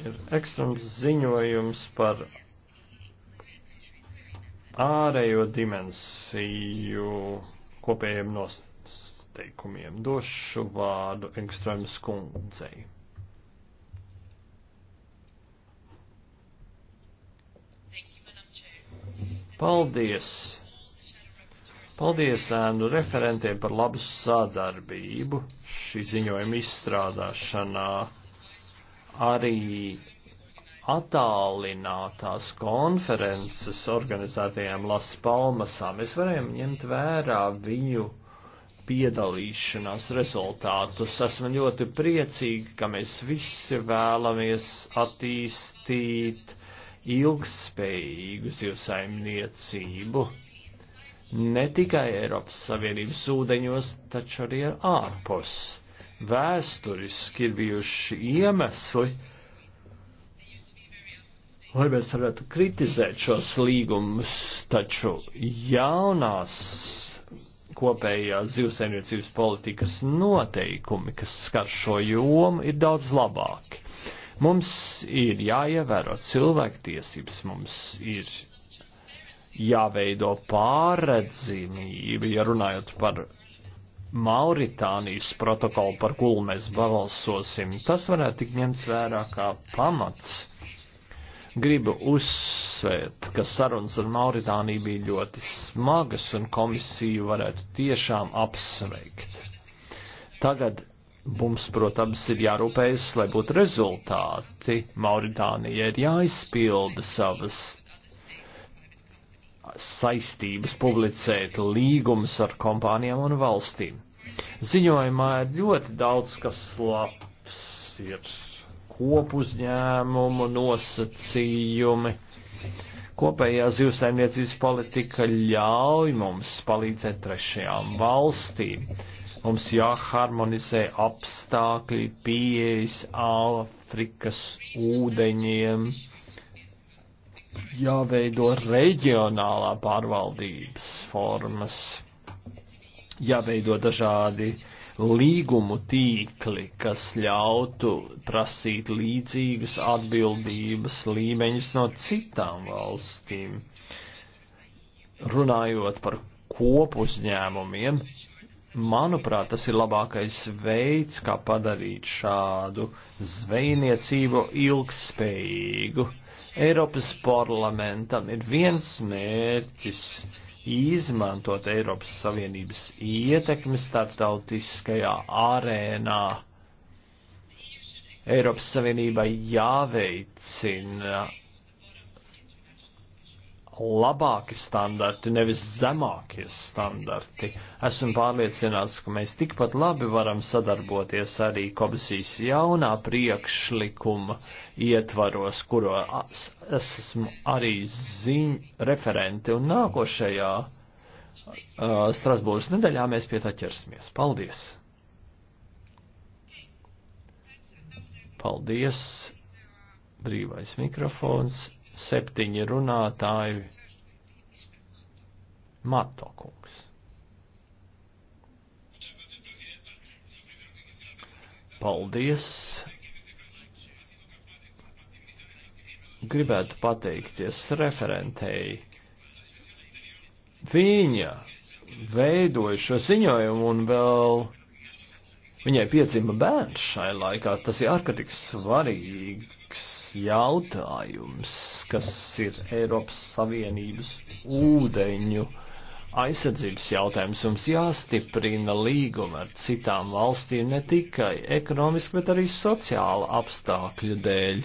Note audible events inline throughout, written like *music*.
ir ekstrēms ziņojums par ārējo dimensiju kopējiem nosteikumiem. Došu vārdu ekstrēmas kundzei. Paldies! Paldies ēnu referentiem par labu sadarbību šī ziņojuma izstrādāšanā arī attālinātās konferences organizētajām Las Palmasām. Mēs varējām ņemt vērā viņu piedalīšanās rezultātus. Esmu ļoti priecīgi, ka mēs visi vēlamies attīstīt ilgspējīgu zivsaimniecību. Ne tikai Eiropas Savienības ūdeņos, taču arī ārpus vēsturiski ir bijuši iemesli, lai mēs varētu kritizēt šos līgumus, taču jaunās kopējās zivsaimniecības politikas noteikumi, kas skar šo jomu, ir daudz labāki. Mums ir jāievēro cilvēktiesības, mums ir jāveido pārredzamība, ja runājot par Mauritānijas protokolu, par kuru mēs balsosim, tas varētu tik ņemts vērā kā pamats. Gribu uzsvērt, ka sarunas ar Mauritāniju bija ļoti smagas un komisiju varētu tiešām apsveikt. Tagad mums, protams, ir jārūpējas, lai būtu rezultāti. Mauritānija ir jāizpilda savas saistības publicēt līgumus ar kompānijām un valstīm. Ziņojumā ir ļoti daudz, kas labs, ir kopuzņēmumu nosacījumi. Kopējā zivsaimniecības politika ļauj mums palīdzēt trešajām valstīm. Mums jāharmonizē apstākļi, pieejas Āfrikas ūdeņiem, jāveido reģionālā pārvaldības formas, jāveido dažādi līgumu tīkli, kas ļautu prasīt līdzīgus atbildības līmeņus no citām valstīm. Runājot par kopuzņēmumiem, manuprāt, tas ir labākais veids, kā padarīt šādu zvejniecību ilgspējīgu Eiropas parlamentam ir viens mērķis izmantot Eiropas Savienības ietekmi starptautiskajā arēnā. Eiropas Savienībai jāveicina labāki standarti, nevis zemākie standarti. Esmu pārliecināts, ka mēs tikpat labi varam sadarboties arī komisijas jaunā priekšlikuma ietvaros, kuro es esmu arī ziņ referenti, un nākošajā uh, Strasbūras nedēļā mēs pie tā ķersimies. Paldies! Paldies! Brīvais mikrofons septiņi runātāji. Mato kungs. Paldies! Gribētu pateikties referentei. Viņa veidoja šo ziņojumu un vēl viņai piedzima bērns šai laikā. Tas ir ārkārtīgi svarīgs jautājums, kas ir Eiropas Savienības ūdeņu aizsardzības jautājums. Mums jāstiprina līguma ar citām valstīm ne tikai ekonomiski, bet arī sociāla apstākļu dēļ.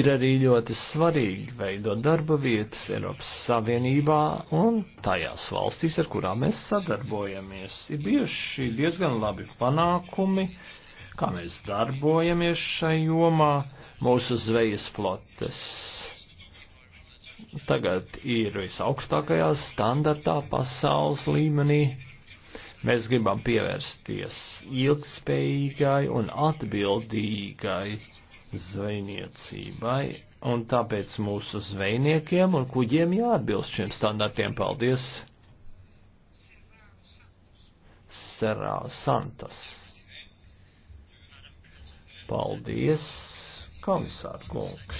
Ir arī ļoti svarīgi veidot darba vietas Eiropas Savienībā un tajās valstīs, ar kurām mēs sadarbojamies. Ir bijuši diezgan labi panākumi, uh, kā mēs darbojamies šai jomā, mūsu zvejas flotes. Tagad ir visaugstākajā standartā pasaules līmenī. Mēs gribam pievērsties ilgspējīgai un atbildīgai zvejniecībai, un tāpēc mūsu zvejniekiem un kuģiem jāatbilst šiem standartiem. Paldies! Serā Santas. Paldies, komisār kungs.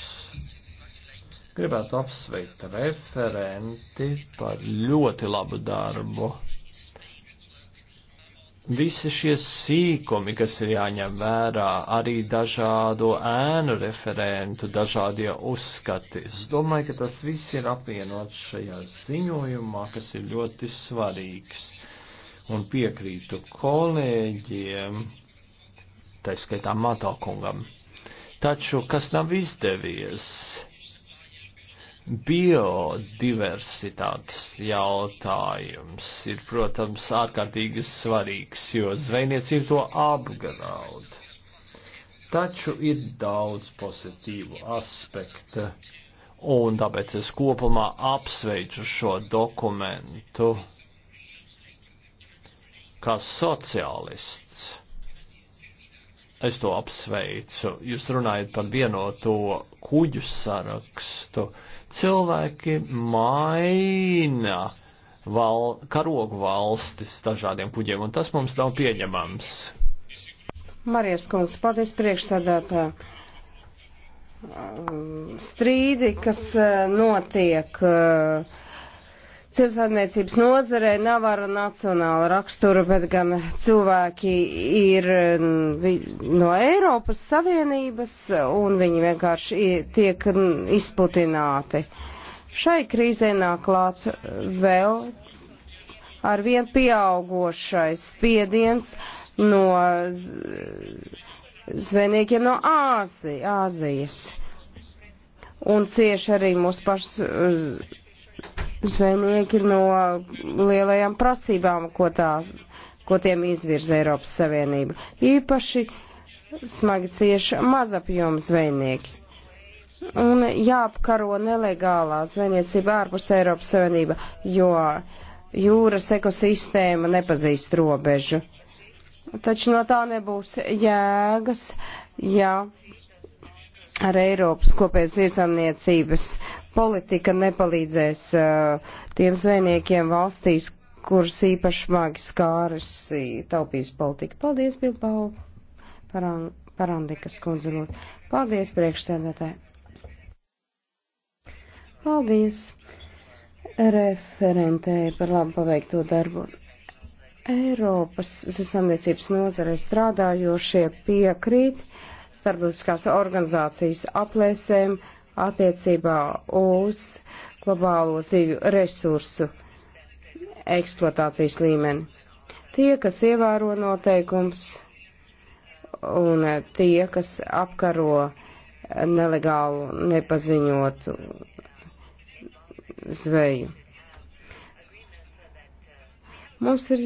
Gribētu apsveikt referenti par ļoti labu darbu. Visi šie sīkumi, kas ir jāņem vērā, arī dažādo ēnu referentu, dažādie uzskati. Es domāju, ka tas viss ir apvienots šajā ziņojumā, kas ir ļoti svarīgs. Un piekrītu kolēģiem tā skaitā Mato kungam. Taču, kas nav izdevies, biodiversitātes jautājums ir, protams, ārkārtīgi svarīgs, jo zvejniecība to apgraud. Taču ir daudz pozitīvu aspektu, un tāpēc es kopumā apsveicu šo dokumentu kā sociālists Es to apsveicu. Jūs runājat par vienoto kuģu sarakstu. Cilvēki maina val, karogu valstis dažādiem kuģiem, un tas mums nav pieņemams. Marijas kungs, paldies priekšsēdētā. Strīdi, kas eh, notiek. Uh, Cilvēcniecības nozarē nav ar nacionālu raksturu, bet gan cilvēki ir mm, no Eiropas Savienības un viņi vienkārši tiek mm, izputināti. Šai krīzē nāk klāt vēl ar vien pieaugošais spiediens no zvejniekiem no Āzi, Āzijas. Un cieši arī mūsu pašu mm, zvejnieki no lielajām prasībām, ko, tā, ko tiem izvirza Eiropas Savienība. Īpaši smagi cieši mazapjomu zvejnieki. Un jāapkaro nelegālā zvejniecība ārpus Eiropas Savienība, jo jūras ekosistēma nepazīst robežu. Taču no tā nebūs jēgas, ja ar Eiropas kopējas iezamniecības politika nepalīdzēs uh, tiem zvejniekiem valstīs, kuras īpaši smagi skāris taupības politika. Paldies, Bilbao, paran, Parandikas kundzinot. Paldies, priekšsēdētāji. Paldies referentē par labu paveikto darbu. Eiropas zemniecības nozarē strādājošie piekrīt starptautiskās organizācijas aplēsēm attiecībā uz globālo dzīvju resursu eksploatācijas līmeni. Tie, kas ievēro noteikums un tie, kas apkaro nelegālu, nepaziņotu zveju. Mums ir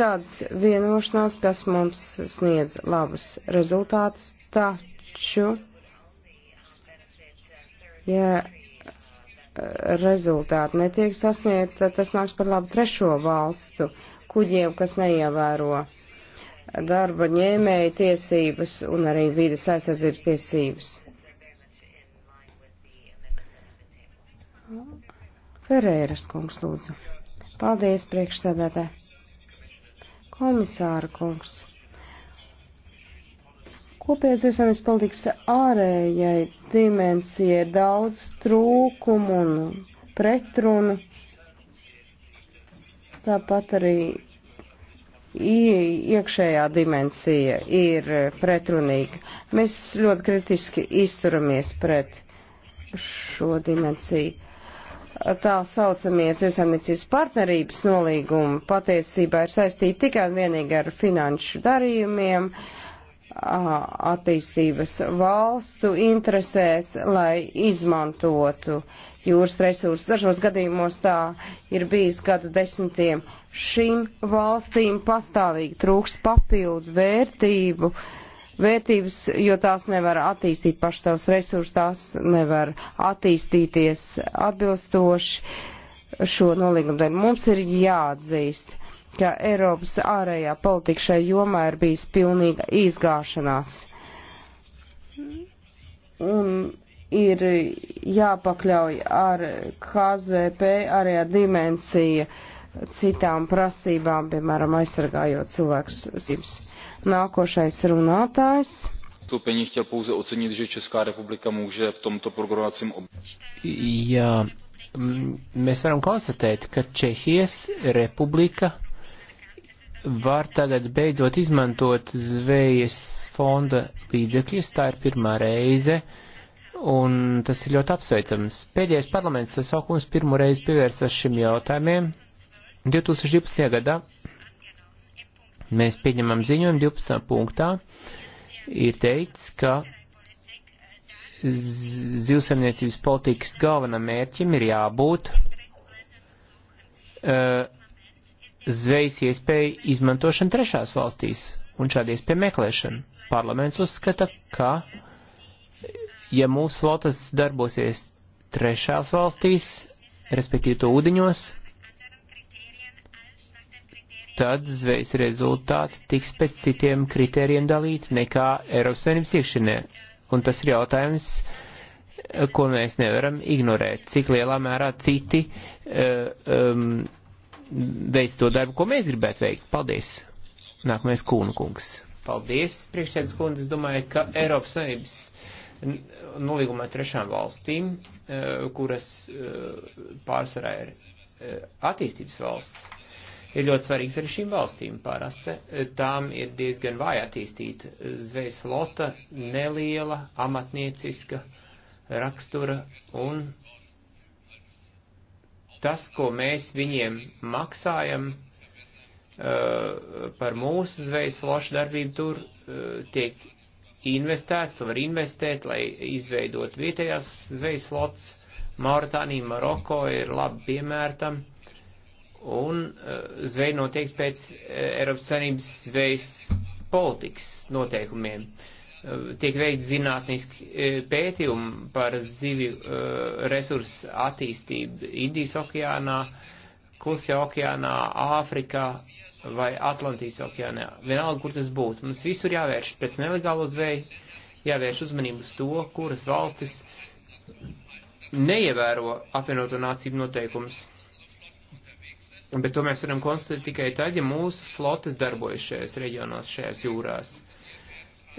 tādas vienošanās, kas mums sniedz labus rezultātus, taču, ja eh, rezultāti netiek sasniegt, tad tas nāks par labu trešo valstu kuģiem, kas neievēro darba ņēmēja tiesības un arī vīdes aizsardzības tiesības. Ferēras kungs lūdzu. Paldies, priekšsēdētāji. Komisāra kungs. Kopējais zivsainis politikas ārējai dimensijai ir daudz trūkumu un pretrunu. Tāpat arī iekšējā dimensija ir pretrunīga. Mēs ļoti kritiski izturamies pret šo dimensiju tā saucamie zivsaimniecības partnerības nolīgumi patiesībā ir saistīti tikai un vienīgi ar finanšu darījumiem, attīstības valstu interesēs, lai izmantotu jūras resursus. Dažos gadījumos tā ir bijis gadu desmitiem. Šīm valstīm pastāvīgi trūkst papildu vērtību. Uh, vērtības, jo tās nevar attīstīt pašas savus resursus, tās nevar attīstīties atbilstoši šo nolīgumu dēļ. Mums ir jāatzīst, ka Eiropas ārējā politika šai jomā ir bijis pilnīga izgāšanās. Un ir jāpakļauj ar KZP arī ar dimensiju citām prasībām, piemēram, aizsargājot cilvēkus sirds. Nākošais runātājs. Vstoupení chtěl pouze ocenit, že Česká republika může v tomto programovacím období. Jā, mēs varam konstatēt, ka Čehijas republika var tagad beidzot izmantot zvejas fonda līdzekļus. Tā ir pirmā reize, un tas ir ļoti apsveicams. Pēdējais parlaments sasaukums pirmo reizi pievērsās šim jautājumiem 2012. gadā mēs pieņemam ziņojumu 12. punktā, ir teicis, ka zivsaimniecības politikas galvenam mērķim ir jābūt uh, zvejas iespēju izmantošana trešās valstīs un šādi iespēja meklēšana. Parlaments uzskata, ka ja mūsu flotas darbosies trešās valstīs, respektīvi to ūdiņos, tad zvejas rezultāti tiks pēc citiem kritērijiem dalīti nekā Eiropas Savienības iekšienē. Un tas ir jautājums, ko mēs nevaram ignorēt, cik lielā mērā citi uh, um, veids to darbu, ko mēs gribētu veikt. Paldies! Nākamais Kūnu kungs. Paldies, priekšsēdus kundze. Es domāju, ka Eiropas Savienības nolīgumā trešām valstīm, uh, kuras uh, pārsvarā ir attīstības valsts, ir ļoti svarīgs arī šīm valstīm parasti. Eh, tām ir diezgan vāja attīstīta eh, zvejas flota, neliela, amatnieciska rakstura un tas, ko mēs viņiem maksājam uh, par mūsu zvejas flošu darbību tur uh, tiek investēts, to var investēt, lai izveidot vietējās zvejas flotas. Mauritānija, Maroko ir labi piemērtam. Uh, un eh, zveja notiek pēc eh, Eiropas Savienības zvejas politikas noteikumiem. Eh, tiek veikts zinātniski pētījumi par zivju resursu attīstību Indijas okeānā, Klusajā okeānā, Āfrikā vai Atlantijas okeānā. Vienalga, kur tas būtu. Mums visur jāvērš pret nelegālo zveju, jāvērš uzmanību uz to, kuras valstis neievēro apvienoto nācību noteikumus Bet to mēs varam konstatēt tikai tad, ja mūsu flotes darbojas šajās reģionos, šajās jūrās.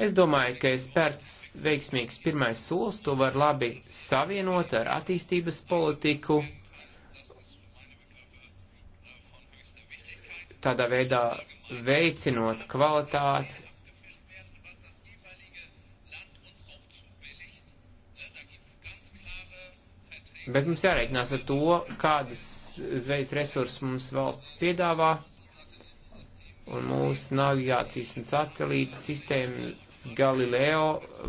Es domāju, ka es pērts veiksmīgs pirmais solis, to var labi savienot ar attīstības politiku. Tādā veidā veicinot kvalitāti. Bet mums jāreikinās ar to, kādas zvejas resursus mums valsts piedāvā, un mūsu navigācijas un satelīta sistēmas Galileo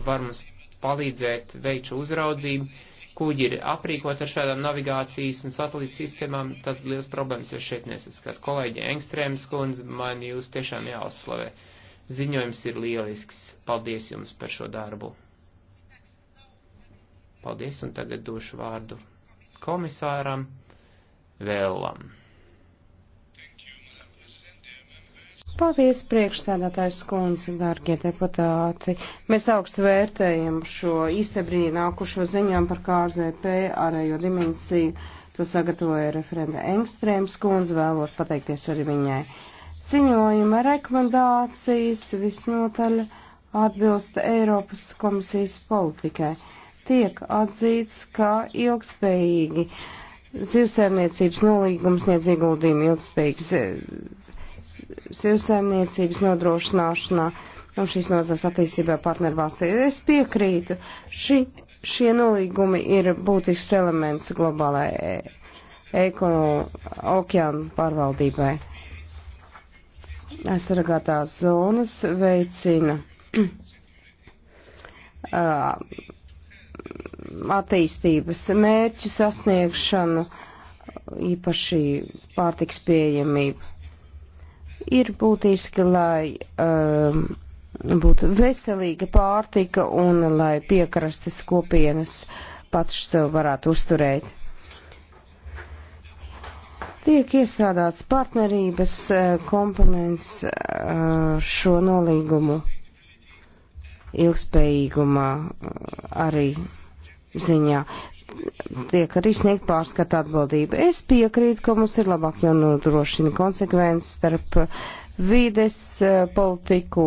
var mums palīdzēt veikt šo uzraudzību. Kuģi ir aprīkot ar šādām navigācijas un satelīta sistēmām, tad liels problēmas jau šeit nesaskat. Kolēģi Engstrēms kundze, man jūs tiešām jāuzslavē. Ziņojums ir lielisks. Paldies jums par šo darbu. Paldies, un tagad došu vārdu komisāram. Vēlam. Paldies, priekšsēdētājs kundze, dārgie deputāti. Mēs augstu vērtējam šo īstebrī nākušo ziņām par KZP ārējo dimensiju. To sagatavoja referenda Engstrēms kundze, vēlos pateikties arī viņai. Ziņojuma rekomendācijas visnotaļ atbilsta Eiropas komisijas politikai. Tiek atzīts, ka ilgspējīgi Zivsēmniecības nolīgums sniedz ieguldījumu ilgspējīgas eh, zivsēmniecības nodrošināšanā un šīs nozars attīstībā partnervalstī. Es piekrītu, ši, šie nolīgumi ir būtisks elements globālajai eh, ekono, okeānu pārvaldībai. Aizsargātās zonas veicina. *clears throat* uh, attīstības mērķu sasniegšanu, īpaši pārtiks pieejamību. Ir būtiski, lai um, būtu veselīga pārtika un lai piekrastes kopienas pats sev varētu uzturēt. Tiek iestrādāts partnerības eh, komponents eh, šo nolīgumu ilgspējīgumā arī ziņā. Tiek arī sniegt pārskata atbildība. Es piekrītu, ka mums ir labāk jānodrošina konsekvences starp vides eh, politiku,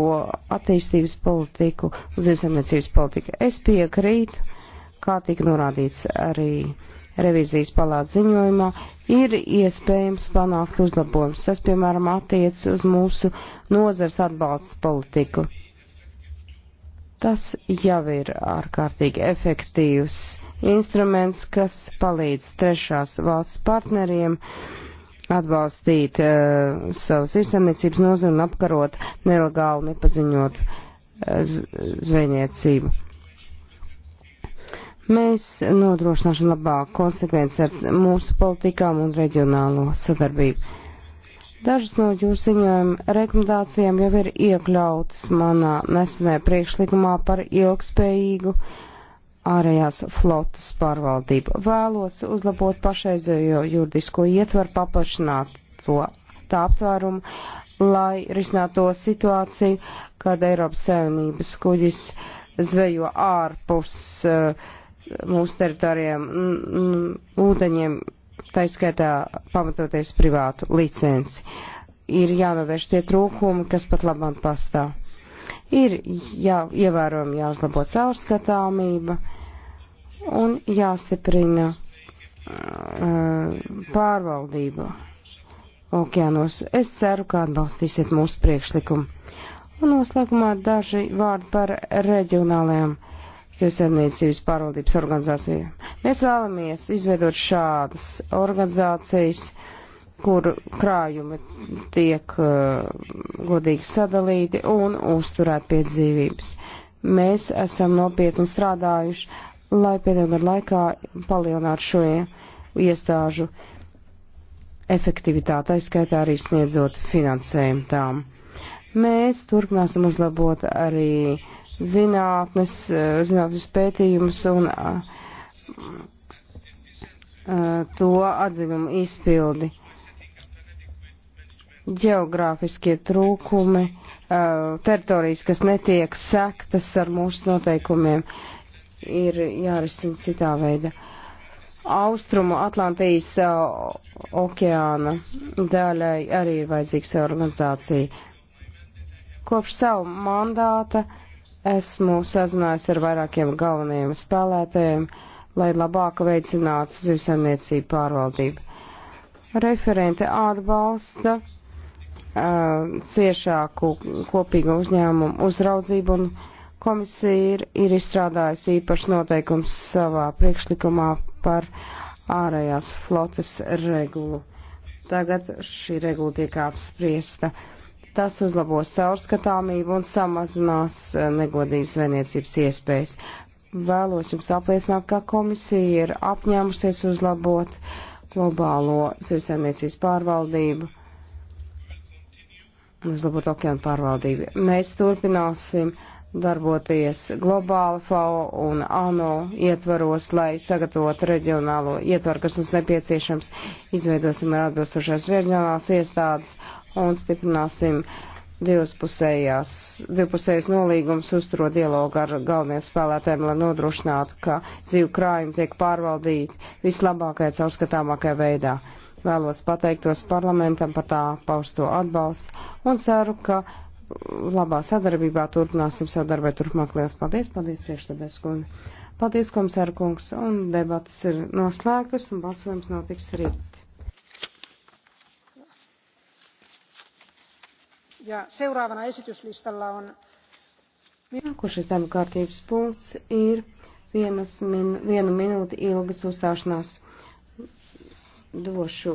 attīstības politiku, uzzīmsamniecības politiku. Es piekrītu, kā tika norādīts arī revizijas palāca ziņojumā, ir iespējams panākt uzlabojums. Tas, piemēram, attiec uz mūsu nozars atbalsta politiku. Tas jau ir ārkārtīgi efektīvs instruments, kas palīdz trešās valsts partneriem atbalstīt uh, savas izsamniecības nozari un apkarot nelegālu nepaziņot eh, zvejniecību. Mēs nodrošināsim labāk konsekvenci ar mūsu politikām un reģionālo sadarbību. Dažas no jūsu ziņojuma rekomendācijām jau ir iekļautas manā nesenē priekšlikumā par ilgspējīgu ārējās flotas pārvaldību. Vēlos uzlabot pašreizējo juridisko ietvaru, paplašināt to tā aptvērumu, lai risinātu to situāciju, kad Eiropas Savienības kuģis zvejo ārpus uh, mūsu teritorijām ūdeņiem. Mm, mm, tā izskaitā pamatoties privātu licenci. Ir jānovērš tie trūkumi, kas pat labam pastāv. Ir jā, ievērojami jāuzlabo caurskatāmība un jāstiprina uh, pārvaldība okeānos. Es ceru, ka atbalstīsiet mūsu priekšlikumu. Un noslēgumā daži vārdi par reģionālajām uh, Zivsarniecības pārvaldības organizācija. Mēs vēlamies izveidot šādas organizācijas, kur krājumi tiek uh, godīgi sadalīti un uzturēt pie dzīvības. Mēs esam nopietni strādājuši, lai pēdējo gadu laikā palielinātu šo iestāžu efektivitāti, aizskaitā arī sniedzot finansējumu tām. Mēs turpināsim uzlabot arī uh, zinātnes, eh, zinātnes pētījumus un eh, eh, to atzinumu izpildi. Geogrāfiskie trūkumi, teritorijas, kas netiek sektas ar mūsu noteikumiem, ir jārisina citā veidā. Austrumu Atlantijas okeāna daļai arī ir vajadzīgs organizācija. Kopš savu mandāta uh, Esmu sazinājusi ar vairākiem galvenajiem spēlētājiem, lai labāk veicinātu zivsaimniecību pārvaldību. Referente atbalsta uh, ciešāku kopīgu uzņēmumu uzraudzību un komisija ir, ir izstrādājusi īpašs noteikums savā priekšlikumā par ārējās flotes regulu. Tagad šī regula tiek apspriesta. Uh, Tas uzlabos caurskatāmību un samazinās eh, negodīgas vēniecības iespējas. Vēlos jums apliecināt, ka komisija ir apņēmusies uzlabot globālo sirsēmniecības pārvaldību un uzlabot okeānu pārvaldību. Mēs turpināsim darboties globāli FAO un ANO ietvaros, lai sagatavotu reģionālo ietvaru, kas mums nepieciešams. Izveidosim ar atbilstošās reģionālās iestādes un stiprināsim divpusējās, divpusējas nolīgums uzturot dialogu ar galveniem spēlētājiem, lai nodrošinātu, ka dzīvu krājumi tiek pārvaldīti vislabākajā, caurskatāmākajā veidā. Vēlos pateiktos parlamentam par tā pausto atbalstu un ceru, ka labā sadarbībā turpināsim savu darbu turpmāk. Lielas paldies, paldies priekšsēdēs kundze. Paldies, komisāra kungs, un debatas ir noslēgtas un balsojums notiks rīt. Ja seuraavana esityslistalla on... Nākošais darba kārtības punkts ir vienas min, vienu minūti ilgas uzstāšanās došu